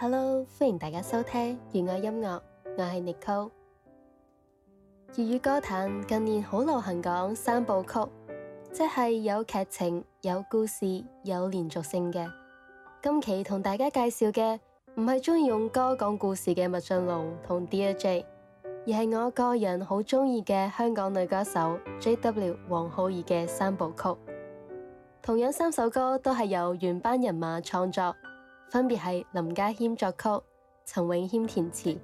Hello，歡迎大家收聽粵愛音樂，我係 Nichole。粵語歌壇近年好流行講三部曲，即係有劇情、有故事、有連續性嘅。今期同大家介紹嘅唔係中意用歌講故事嘅麥浚龍同 Dear Jane，而係我個人好中意嘅香港女歌手 JW 王灝兒嘅三部曲。同樣三首歌都係由原班人馬創作。分別係林家謙作曲，陳詠謙填詞。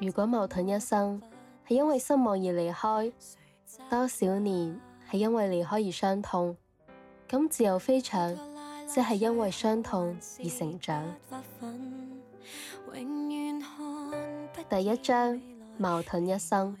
如果矛盾一生，係因為失望而離開，多少年係因為離開而傷痛，咁自由飛翔，即係因為傷痛而成長。第一章，矛盾一生。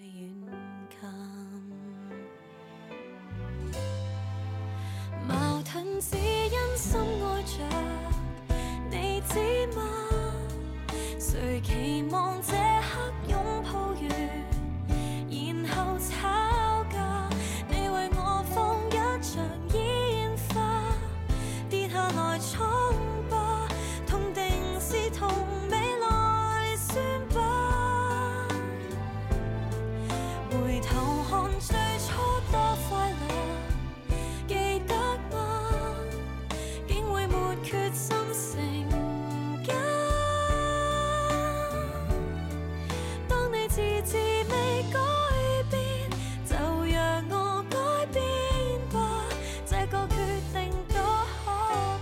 當你遲遲未改變，就讓我改變吧。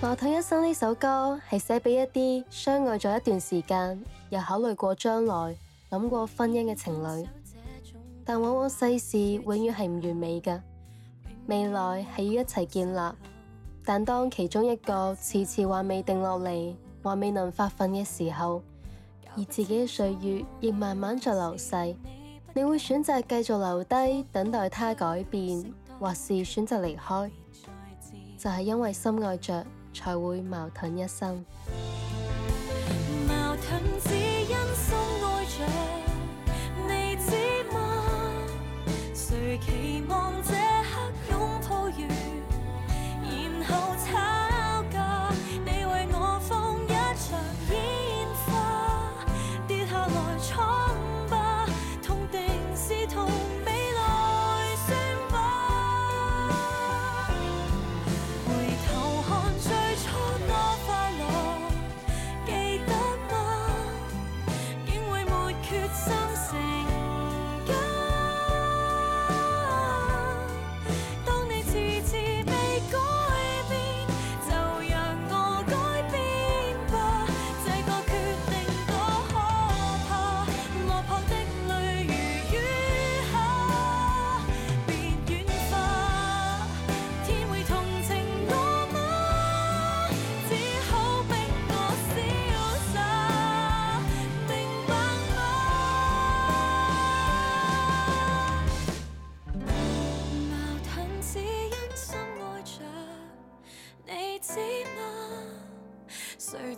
矛盾一生呢首歌，係寫俾一啲相愛咗一段時間，又考慮過將來，諗過婚姻嘅情侶。但往往世事永遠係唔完美嘅，未來係要一齊建立。但當其中一個遲遲還未定落嚟，還未能發奮嘅時候，而自己嘅歲月亦慢慢在流逝，你會選擇繼續留低等待他改變，或是選擇離開？就係、是、因為深愛着，才會矛盾一生。矛盾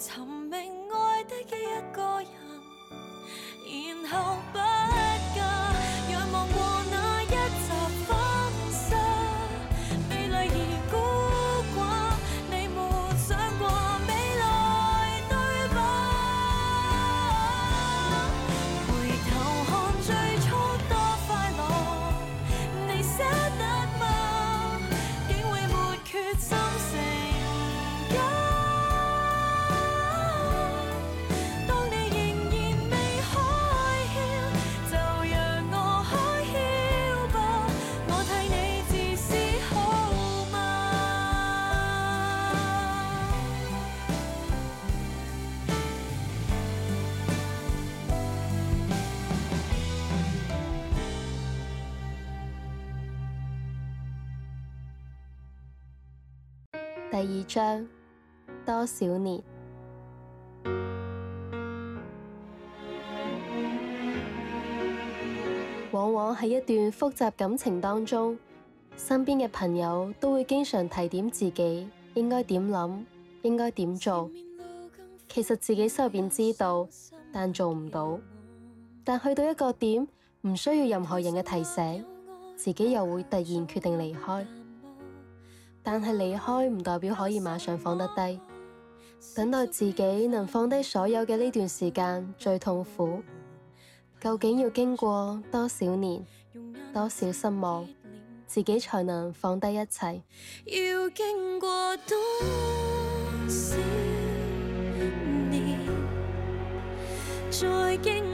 尋覓愛的一個人，然後不第二章：多少年，往往喺一段複雜感情當中，身邊嘅朋友都會經常提點自己應該點諗，應該點做。其實自己心入邊知道，但做唔到。但去到一個點，唔需要任何人嘅提醒，自己又會突然決定離開。但係離開唔代表可以馬上放得低，等待自己能放低所有嘅呢段時間最痛苦，究竟要經過多少年、多少失望，自己才能放低一切？要經過多少年？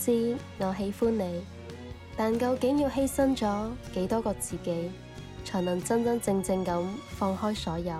知我喜歡你，但究竟要犧牲咗幾多個自己，才能真真正正咁放開所有？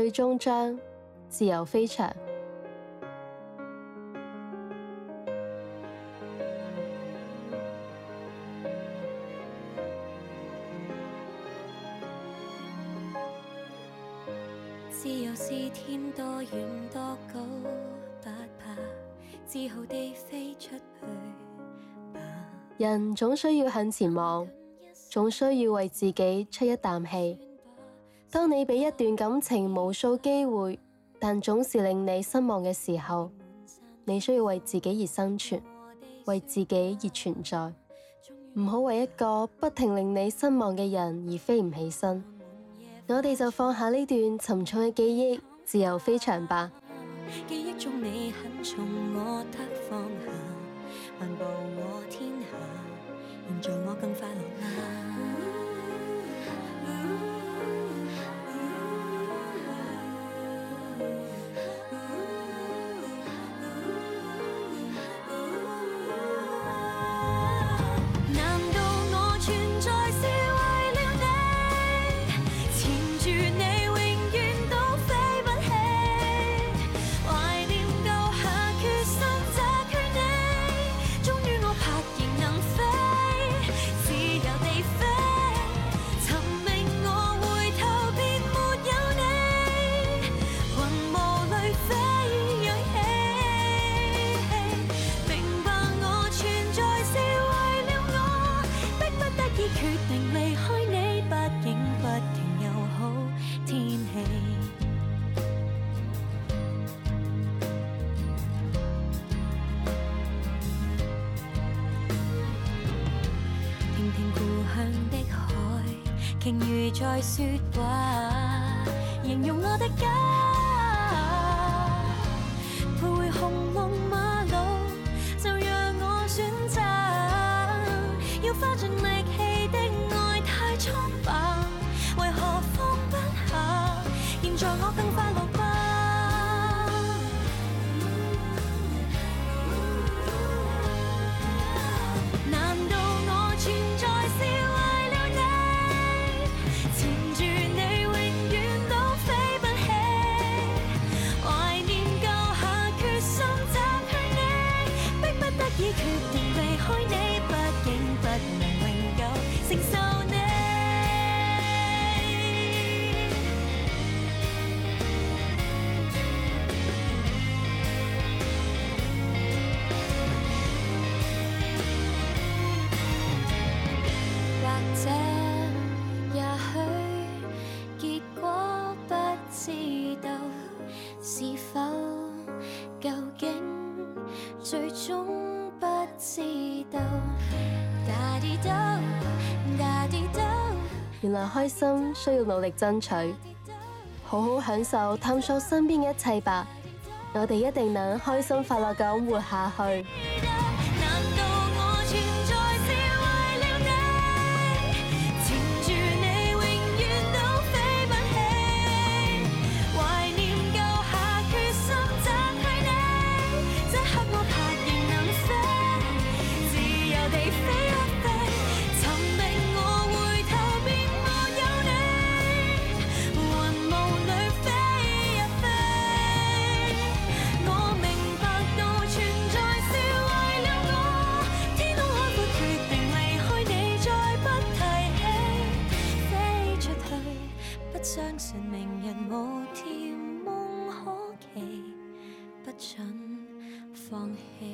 最終章，自由飛翔，自由是天多遠多高，不怕自豪地飛出去吧。人總需要向前望，總需要為自己出一啖氣。當你俾一段感情無數機會，但總是令你失望嘅時候，你需要為自己而生存，為自己而存在，唔好為一個不停令你失望嘅人而飛唔起身。我哋就放下呢段沉重嘅記憶，自由飛翔吧。記憶仲未肯從我得放下，漫步我天下，然後我更快樂，啊嗯嗯鯨魚在說話，形容我的家。原來開心需要努力爭取，好好享受探索身邊嘅一切吧，我哋一定能開心快樂咁活下去。放棄。